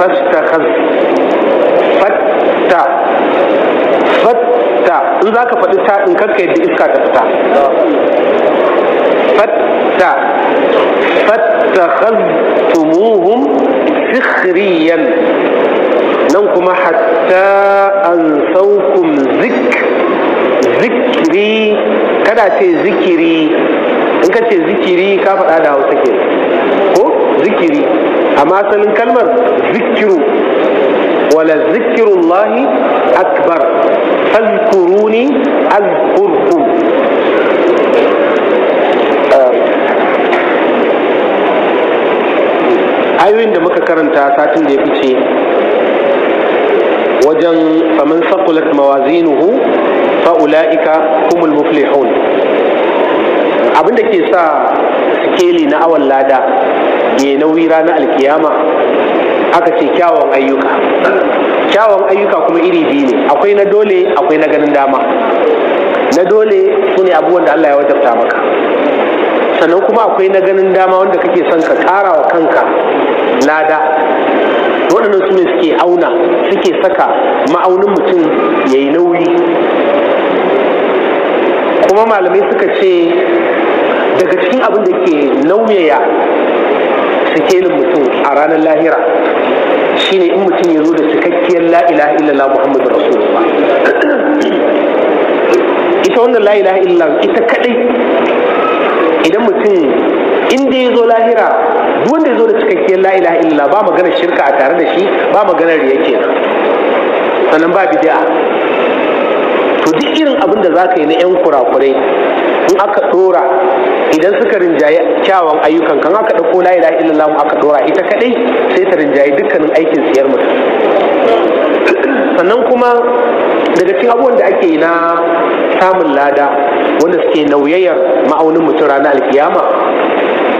فاستخذ فتا فتا in za ka faɗi ta in karka yadda iska ta fita fatta fattakhaztumuhum sikhriyan nan kuma hatta an saukum zik zikiri kada ce zikiri in ka ce zikiri ka faɗa da hausa ke zikiri amma asalin kalmar zikiru wala zikirullahi akbar fazkuruni azkurkum ah. ayoyin da muka karanta satin da ya fice wajen faman sakulat mawazinuhu fa'ula'ika humul muflihun abinda ke sa sikeli na awon lada Yi nauyi ranar alkiyama aka ce kyawun ayyuka kyawun ayyuka kuma iri biyu ne akwai na dole akwai na ganin dama na dole su ne abubuwan da Allah ya wajabta maka sannan kuma akwai na ganin dama wanda kake son ka kara wa kanka lada waɗannan su ne suke auna suke saka ma'aunin mutum ya yi nauyi kuma malamai suka ce daga cikin abin da ke nauyaya sikelin mutum a ranar lahira shine in mutum ya zo da cikakkiyar la ilaha illallah muhammadu rasulullah ita wannan la ilaha illallah ita kadai idan mutum inda ya zo lahira duk wanda ya zo da cikakkiyar la ilaha illallah ba maganar shirka a tare da shi ba maganar riya kenan sannan ba bid'a to duk irin abin da za ka yi na 'yan kurakurai in aka dora idan suka rinjaye kyawun ayyukan kan aka ɗauko la ilaha illallah aka ɗora ita kadai sai ta rinjaye dukkanin aikin siyar mutum sannan kuma daga cikin abubuwan da ake yi na samun lada wanda suke nauyayyar ma'aunin mutum ranar alkiyama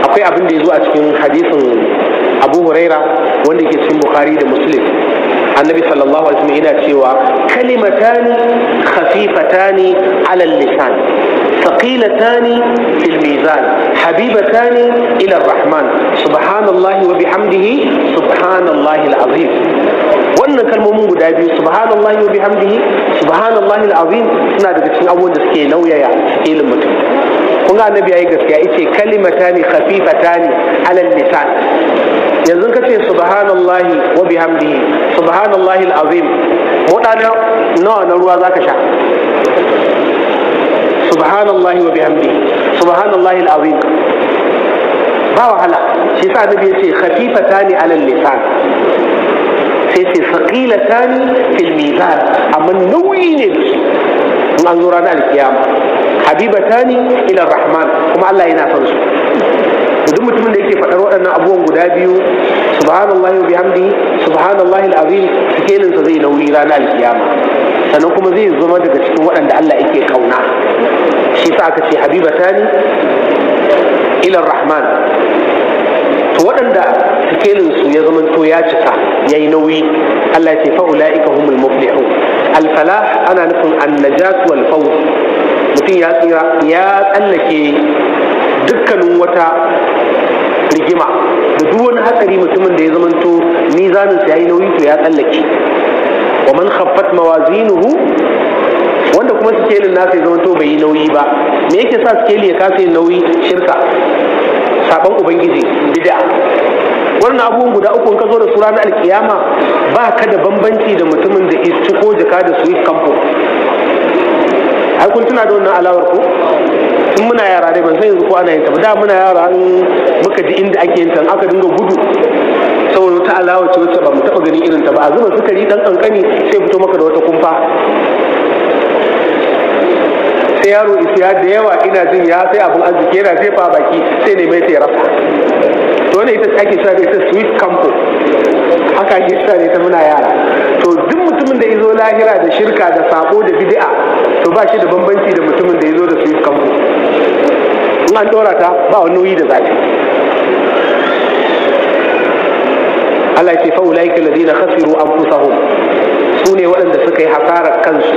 akwai abin da ya zo a cikin hadisin abu huraira wanda ke cikin bukhari da muslim annabi sallallahu alaihi wasallam yana cewa kalimatani khafifatani alal lisan ثقيلتان في الميزان حبيبتان إلى الرحمن سبحان الله وبحمده سبحان الله العظيم wannan kalmomin guda biyu subhanallahi wa bihamdihi subhanallahi alazim suna daga cikin abubuwan da suke nauyaya ilin mutum kun ga annabi yayi gaskiya yace kalimatani khafifatani alal lisan yanzu ka ce subhanallahi wa bihamdihi subhanallahi alazim wadana nawa na ruwa zaka sha سبحان الله وبحمده سبحان الله العظيم باو هلا شيسا النبي يسي خفيفة ثاني على اللسان سيسي ثقيلة ثاني في الميزان أما نوين أنظرنا الكيام حبيبة ثاني إلى الرحمن وما الله ينافرش ودم تمنى يكي فأروا أن أبو غدابيو سبحان الله وبحمده سبحان الله العظيم سكين انتظي نوين لنا الكيام سنوكم زي الزمان تشتوى أن الله يكي قونا shi sa aka ce habibatani ilar rahman to waɗanda su ya zamanto ya cika ya yi nauyi Allah ce fa'ula'ika humul muflihu alfala ana nufin annajat wal mutum ya tsira ya tsallake dukkanin wata rigima da duk wani hatsari mutumin da ya zamanto nizaninsa ya yi nauyi to ya tsallake wa man khaffat mawazinuhu wanda kuma sikelin nasa ya zamanto bai yi nauyi ba me yake sa sikeli ya kasa yin nauyi shirka saban ubangiji bid'a wannan abubuwan guda uku ka zo da su ranar alkiyama ba ka da bambanci da mutumin da isci ko jaka da su kamfo ai kun tuna da wannan alawar ko in muna yara dai ban san yanzu ko ana yin ta ba da muna yara an muka ji inda ake yin ta aka dinga gudu saboda wata alawar ce wacce ba mu taba ganin irin ta ba a zuba sukari dan kankani sai fito maka da wata kumfa yaro isiya da yawa ina jin ya sai abin arziki yana jefa baki sai ne mai tsira to ne ita ake cewa ita sweet campo haka ake ne ta muna yara to duk mutumin da izo lahira da shirka da sako da bid'a to ba shi da bambanci da mutumin da izo da sweet campo in an dora ta ba wani nauyi da zafi Allah ya ce fa ulaika alladhina khasiru anfusahum sune waɗanda suka yi hasarar kansu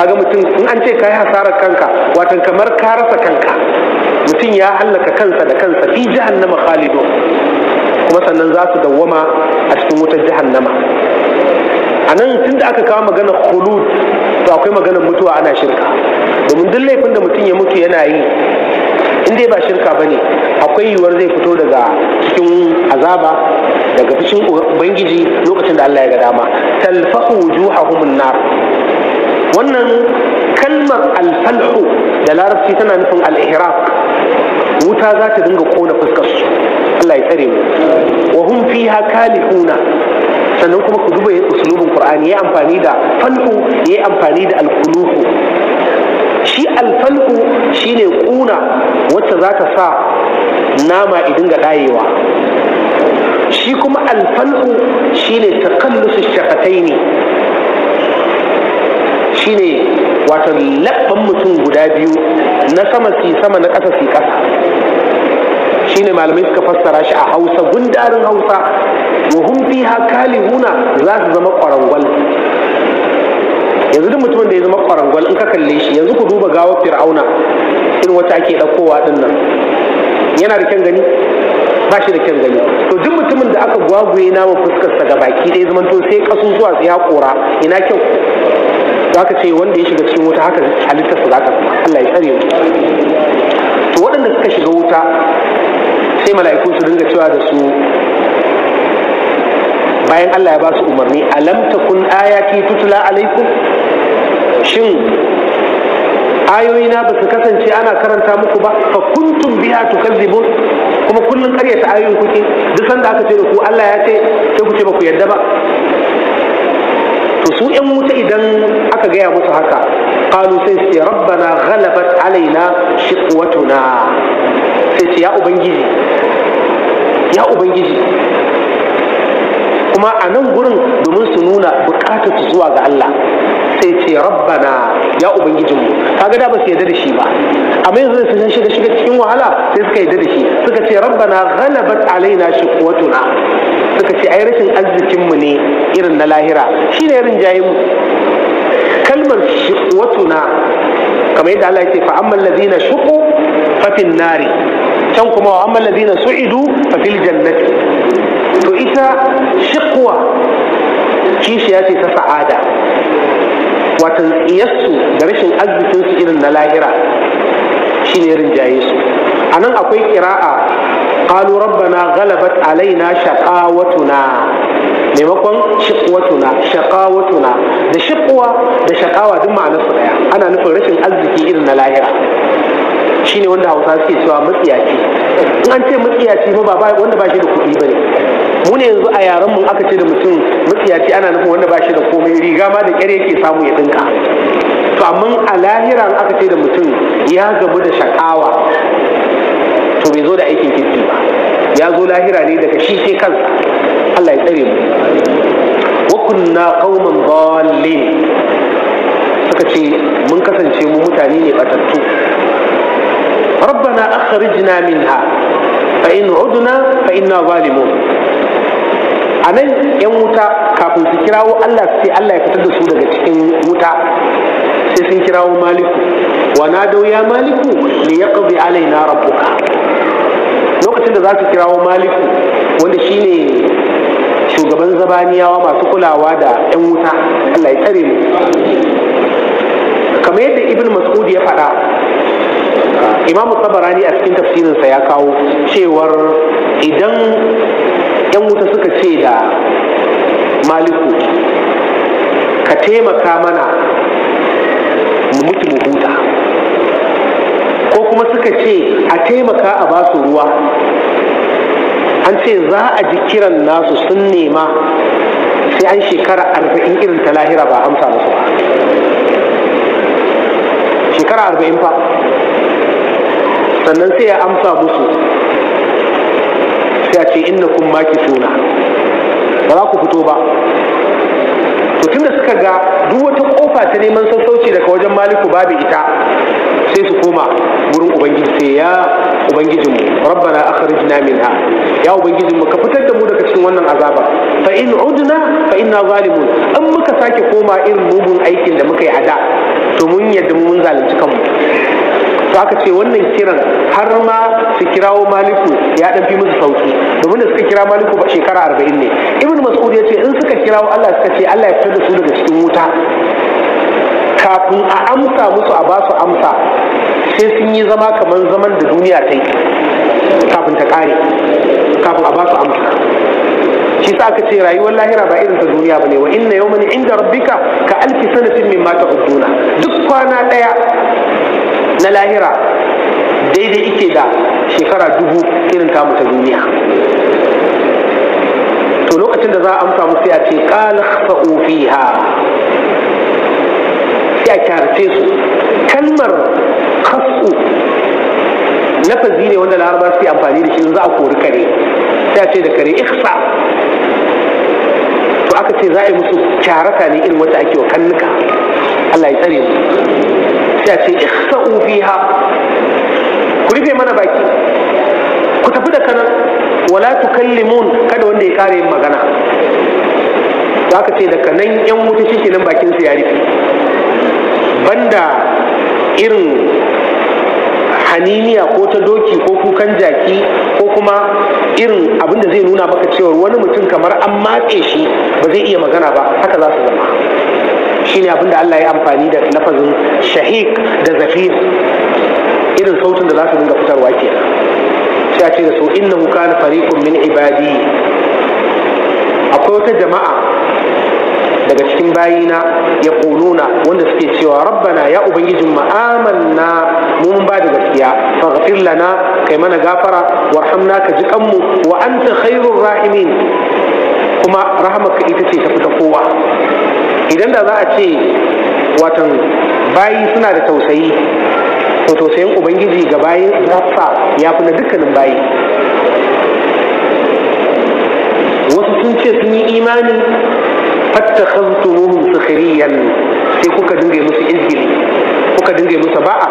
kaga mutum in an ce kai hasarar kanka wato kamar ka rasa kanka mutum ya hallaka kansa da kansa fi jahannama khalido kuma sannan za su dawwama a cikin wutar jahannama a nan tun da aka kawo maganar khulud to akwai maganar mutuwa ana shirka domin duk laifin da mutum ya mutu yana yi in dai ba shirka bane akwai yiwuwar zai fito daga cikin azaba daga fushin ubangiji lokacin da Allah ya ga dama talfahu wujuhahum nar wannan kalmar alfalhu da larabci tana nufin al'ihraq wuta za ta dinga kona fuskar su Allah ya tsare mu wa hum fiha kalihuna sannan kuma ku duba usulubin qur'ani ya amfani da falhu ya amfani da alkuluhu shi alfalhu shine kuna wacce za ta sa nama idin ga dayewa shi kuma alfalhu shine takallusu shakatai ne shine wato labban mutum guda biyu na sama si sama na ƙasa si ƙasa shine malamai suka fassara shi a hausa gundarin hausa wa hum fiha kalihuna za su zama ƙwarangwal yanzu duk mutumin da ya zama ƙwarangwal in ka kalle shi yanzu ku duba gawar fir'auna irin wata ake ɗaukowa ɗin nan yana da kyan gani ba shi da kyan gani to duk mutumin da aka gwaguye naman fuskarsa ga baki ɗaya zamanto sai ƙasusuwa su ya ƙora ina kyau haka ce wanda ya shiga cikin wuta haka halittarsa za ta Allah ya tsare to waɗanda suka shiga wuta sai mala'iku su dinga cewa da su bayan Allah ya ba su umarni alam takun ayati tutula alaikum shin ayoyina ba su kasance ana karanta muku ba fa kuntum biha tukazzibun kuma kullun karyata ayoyin kuke duk sanda aka ce da ku Allah ya ce sai ku ce ba ku yadda ba to su yan wuta idan aka gaya musu haka qalu sai su ce rabbana ghalabat alaina shiqwatuna sai ce ya ubangiji ya ubangiji kuma a nan gurin domin su nuna bukatar su zuwa ga Allah sai ce rabbana ya ubangijinmu kaga da ba su yarda da shi ba amma yanzu su nan shiga shiga cikin wahala sai suka yarda da shi suka ce rabbana ghalabat alaina shiqwatuna suka ce ai rashin arzikinmu ne irin na lahira shi ne irin jayi mu kalmar watuna kamar yadda Allah ya ce fa amman ladina shuqu fa fin nari can kuma wa amman ladina su'idu fa fil jannati to ita shiqwa kishiya ce ta sa'ada watan iyassu da rashin arzikinsu irin na lahira shi ne su a nan akwai kira'a قالوا ربنا غلبت علينا شقاوتنا maimakon shiqwatuna shaqawatuna da shiqwa da shaqawa duk ma'anar su daya ana nufin rashin arziki irin na lahira shine wanda Hausa suke cewa matsiyaci in an ce matsiyaci ba wanda ba shi da kuɗi bane mu ne yanzu a yaren mun aka ce da mutum matsiyaci ana nufin wanda ba shi da komai riga ma da kyar yake samu ya dinka to amma a lahiran aka ce da mutum ya gamu da shakawa ya zo lahira ne daga shi sai kansa Allah ya tsare mu wa kunna qauman dallin suka ce mun kasance mu mutane ne batattu rabbana akhrijna minha fa in udna fa inna zalimun anan yan wuta kafin su kirawo Allah sai Allah ya fitar da su daga cikin wuta sai sun kirawo maliku wa nadau ya maliku li yaqdi alaina rabbuka lokacin da za su kirawo maliku wanda shi ne shugaban zabaniyawa masu kulawa da 'yan wuta allah ya tsare mu kamar yadda ibn mas'ud ya faɗa imamu tabarani a cikin tafsirinsa ya kawo cewar idan 'yan wuta suka ce da maliku ka taimaka mana mu mutu mu huta kuma suka ce a taimaka a basu ruwa an ce za a ji kiran nasu sun nema sai an shekara arba'in irin ta lahira ba amsa musu ba shekara arba'in fa sannan sai ya amsa musu sai a ce inna kun maki suna ba za ku fito ba to tunda suka ga duk wata kofa ta neman sassauci daga wajen maliku babu ita sai su koma wurin ubangiji sai ya ubangijinmu rabbana akhrijna minha ya ubangijinmu ka fitar da mu daga cikin wannan azaba fa in udna fa inna zalimun an muka sake koma irin mugun aikin da muka yi a da to mun yadda mun zalunci kanmu to aka ce wannan kiran har ma su kirawo maliku ya dan fi musu sauki domin da suka kira maliku ba shekara arba'in ne ibnu kirawo Allah suka ce Allah ya fitar da su daga cikin wuta kafin a amsa musu a su amsa sai sun yi zama kamar zaman da duniya ta yi kafin ta kare kafin a su amsa shi sa aka ce rayuwar lahira ba irin ta duniya bane wa inna yawman inda rabbika ka alfi sanatin mata ta'uduna duk kwana daya na lahira daidai ike da shekara dubu irin ta duniya to lokacin da za a amsa musu ya ce qala khafa'u fiha sai a kyarce su kalmar khafu lafazi ne wanda laraba suke amfani da shi za a kori kare sai a ce da kare ihsa to aka ce za a yi musu kyaraka ne irin wata ake wa kannuka Allah ya tsare mu sai a ce ihsa'u fiha ku rufe mana baki ku tafi da kanan wala tukallimun kada wanda ya kare yin magana za ka ce daga nan yan wuta shi nan bakin su ya rufe banda irin haniniya ko ta doki ko kukan jaki ko kuma irin abin da zai nuna maka cewar wani mutum kamar an matse shi ba zai iya magana ba haka za su zama shine abin da Allah ya amfani da lafazin shahik da zafir irin sautin da za su dinga fitarwa kenan sai ce da su inna kana fariqun min ibadi akwai wata jama'a daga cikin bayina ya kununa wanda suke cewa rabbana ya ubangijin mu mun ba da gaskiya faghfir lana kai mana gafara warhamna ka ji kanmu wa anta khairur rahimin kuma rahamaka ita ce tafi ta kowa idan da za a ce watan bayi suna da tausayi to tausayin ubangiji ga bayin sa ya fi na dukkanin bayi wasu sun ce sun yi imani fatta khaztumuhum sukhriyan sai kuka dinga musu izgili kuka dinga musu ba'a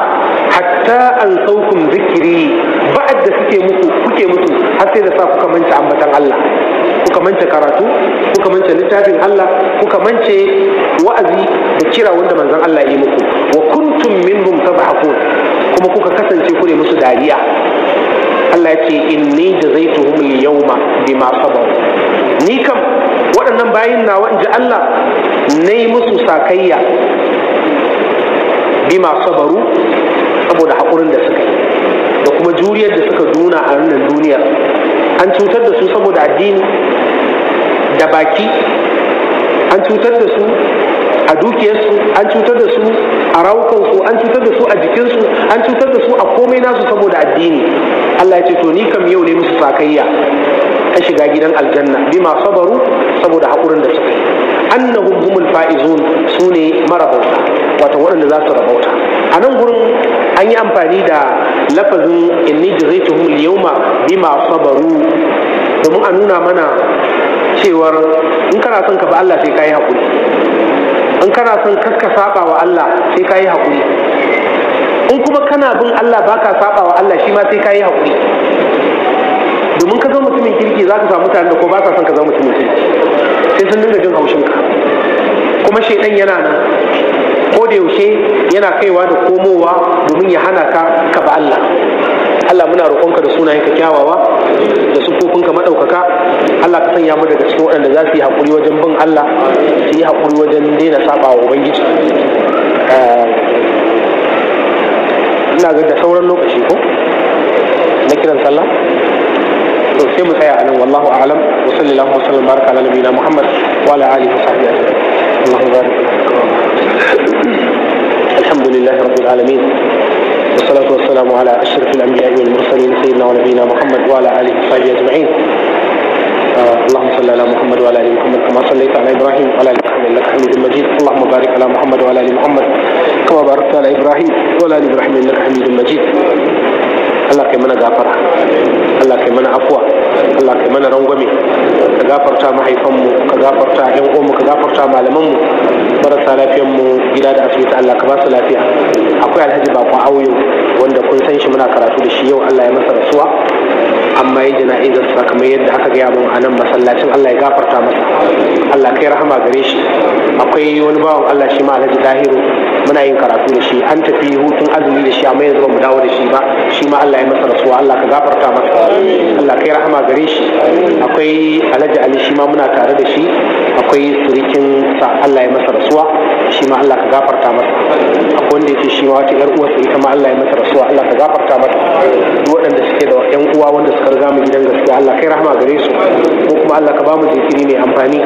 hatta an saukum zikiri ba'ad da suke muku kuke musu har sai da sa kuka manta ambatan Allah kuka manta karatu kuka manta littafin Allah kuka mance wa'azi da kira wanda manzon Allah ya yi muku wa kuntum minhum tabahakun kuma kuka kasance kure musu dariya Allah ce ya ce inni jazaituhum al-yawma bima sabaru ni kam waɗannan bayin nawa inji Allah nayi musu sakayya bima sabaru saboda haƙurin da suka yi da kuma juriyar da suka duna a wannan duniyar an cutar da su saboda addini da baki an cutar da su a dukiyarsu an cutar da su a an cutar da su a jikinsu an cutar da su a komai nasu saboda addini Allah ya ce to ni kam yau ne musu sakayya ta shiga gidan aljanna bima sabaru saboda haƙurin da suka yi annahum humul faizun su ne bauta, wato waɗanda za su rabauta a nan gurin an yi amfani da lafazin inni jazaituhum al-yawma bima sabaru domin a nuna mana cewar in kana son ka ba Allah sai ka yi haƙuri in kana son kaska saba wa Allah sai ka yi haƙuri in kuma kana bin Allah baka saba wa Allah shi ma sai ka yi haƙuri domin ka zama mutumin kirki za ka samu mutane da ko ba sa son ka zama mutumin kirki sai sun dinga jin ka. kuma shaidan yana nan ko da yaushe yana kaiwa da komowa domin ya hana ka ka ba Allah Allah muna roƙonka da sunayen kyawawa da ka maɗaukaka Allah ka sanya mu daga cikin waɗanda za su yi haƙuri wajen bin Allah su yi haƙuri wajen daina saba wa ubangiji eh, ina ga da sauran lokaci ko na kiran sallah to sai mu tsaya anan wallahu a'lam wa sallallahu wa sallam baraka ala nabiyina muhammad wa ala alihi wa sahbihi ajma'in Allahu barik alhamdulillahi rabbil alamin والصلاة والسلام على أشرف الأنبياء والمرسلين سيدنا ونبينا محمد وعلى آله وصحبه أجمعين اللهم صل على محمد وعلى ال محمد كما صليت على ابراهيم وعلى ال ابراهيم انك حميد مجيد اللهم بارك على محمد وعلى ال محمد كما باركت على ابراهيم وعلى ال ابراهيم انك حميد مجيد Allah kai mana gafara Allah kai mana afuwa Allah kai mana rangwame ka gafarta mahaifanmu ka gafarta yan uwanmu ka gafarta malamanmu marasa lafiyanmu gida da asibiti ala ka basu lafiya akwai alhaji bakon auyo wanda kun san shi muna karatu da shi yau allah ya masa rasuwa amma yin jana'izar sa kamar yadda aka gaya mun a nan masallacin allah ya gafarta masa allah kai rahama gare shi akwai wani bawan allah shi ma alhaji dahiru muna yin karatu da shi an tafi hutun azumi da shi amma yanzu mu dawo da shi ba shi ma allah ya masa rasuwa allah ka gafarta masa allah kai rahama gare shi akwai alhaji ali shi ma muna tare da shi akwai surikin sa allah ya masa rasuwa shi ma allah ka gafarta masa akwai wanda yake shi cewa wata yar uwarsa ita ma Allah ya mata rasuwa Allah ka gafarta mata duk waɗanda suke da yan uwa wanda suka riga mu gidan gaskiya Allah kai rahama gare su ko kuma Allah ka ba mu jinkiri mai amfani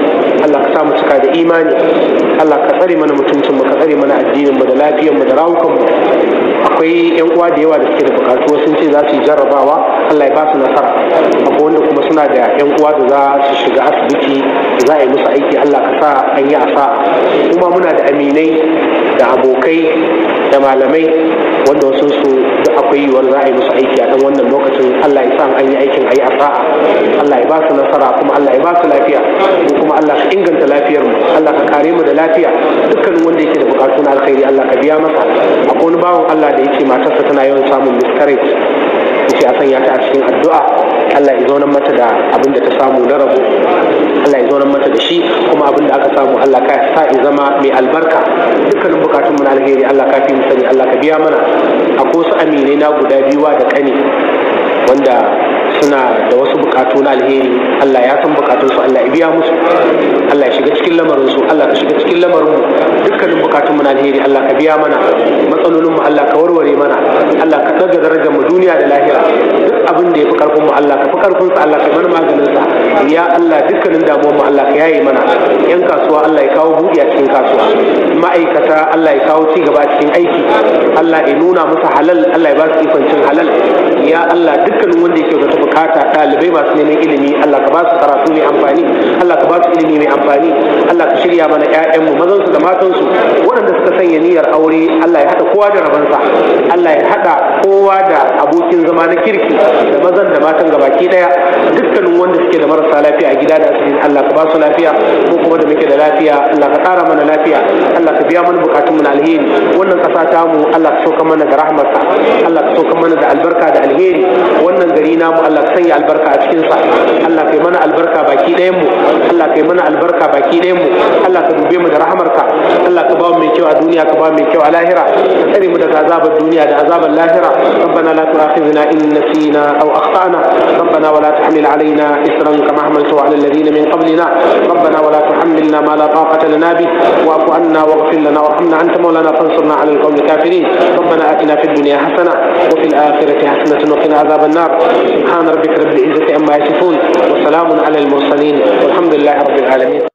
Allah ka sa mu cika da imani Allah ka tsare mana mutuncin mu ka tsare mana addinin mu da lafiyar mu da rawukan mu akwai yan uwa da yawa da suke da bukatu sun ce za su yi jarrabawa Allah ya ba su nasara akwai wanda kuma suna da yan uwa da za su shiga asibiti za a yi musu aiki Allah ka sa an yi asa kuma muna da aminai da abokai da malamai wanda wasu su akwai yiwuwar za a yi musu aiki a ɗan wannan lokacin Allah ya sa an yi aikin a yi asa Allah ya ba su nasara kuma Allah ya ba su lafiya kuma Allah ka inganta lafiyar mu Allah ka kare mu da lafiya dukkanin wanda yake da bukatu na alkhairi Allah ka biya masa akwai wani bawan Allah da yake matarsa tana yawan samun miscarriage ita ce a sanya ta a cikin addu'a Allah ya zaunar mata da abin da ta samu na rabu Allah ya zaunar mata da shi kuma abin da aka samu Allah ka sa ya zama mai albarka dukkanin bukatun mu na alheri Allah ka fi mu sani Allah ka biya mana akwai su aminai na guda biyuwa da kani wanda suna da wasu bukatu na alheri Allah ya san bukatunsu Allah ya biya musu Allah ya shiga cikin lamarin su Allah ka shiga cikin lamarin mu dukkanin bukatun mu na alheri Allah ka biya mana matsalolin mu Allah ka warware mana Allah ka daga darajar mu duniya da lahira abin da ya fi karfin mu Allah ka fi karfin sa Allah ka mana maganin sa ya Allah dukkanin damuwar mu Allah ka yaye mana yan kasuwa Allah ya kawo buɗi a cikin kasuwa ma'aikata Allah ya kawo ci gaba a cikin aiki Allah ya nuna musu halal Allah ya ba su ikon cin halal ya Allah dukkanin wanda yake da bukata ɗalibai masu neman ilimi Allah ka ba su karatu mai amfani Allah ka ba su ilimi mai amfani Allah ka shirya mana ƴaƴan mu mazan su da matan su. sanya niyyar aure Allah ya haɗa kowa da rabansa Allah ya haɗa kowa da abokin zama na kirki da mazan da matan gabaki ɗaya dukkanin wanda suke da marasa lafiya a gida da asibiti Allah ka ba su lafiya ko kuma da muke da lafiya Allah ka tsara mana lafiya Allah ka biya mana bukatun mana alheri wannan ƙasa ta mu Allah ka soka mana da rahmarsa Allah ka soka mana da albarka da alheri wannan gari namu Allah ka sanya albarka a cikin sa Allah ka yi mana albarka baki ɗayan mu Allah ka yi mana albarka baki ɗayan mu Allah ka dube mu da rahmarka Allah ka ba mu mai kyau a duniya الدنيا كما من كيو على هرا كريم لك عذاب الدنيا ده اللاهرة ربنا لا تؤاخذنا إن نسينا أو أخطأنا ربنا ولا تحمل علينا إثرا كما حملته على الذين من قبلنا ربنا ولا تحملنا ما لا طاقة لنا به واعف عنا واغفر لنا وارحمنا أنت مولانا فانصرنا على القوم الكافرين ربنا آتنا في الدنيا حسنة وفي الآخرة حسنة وقنا عذاب النار سبحان ربك رب العزة عما يصفون وسلام على المرسلين والحمد لله رب العالمين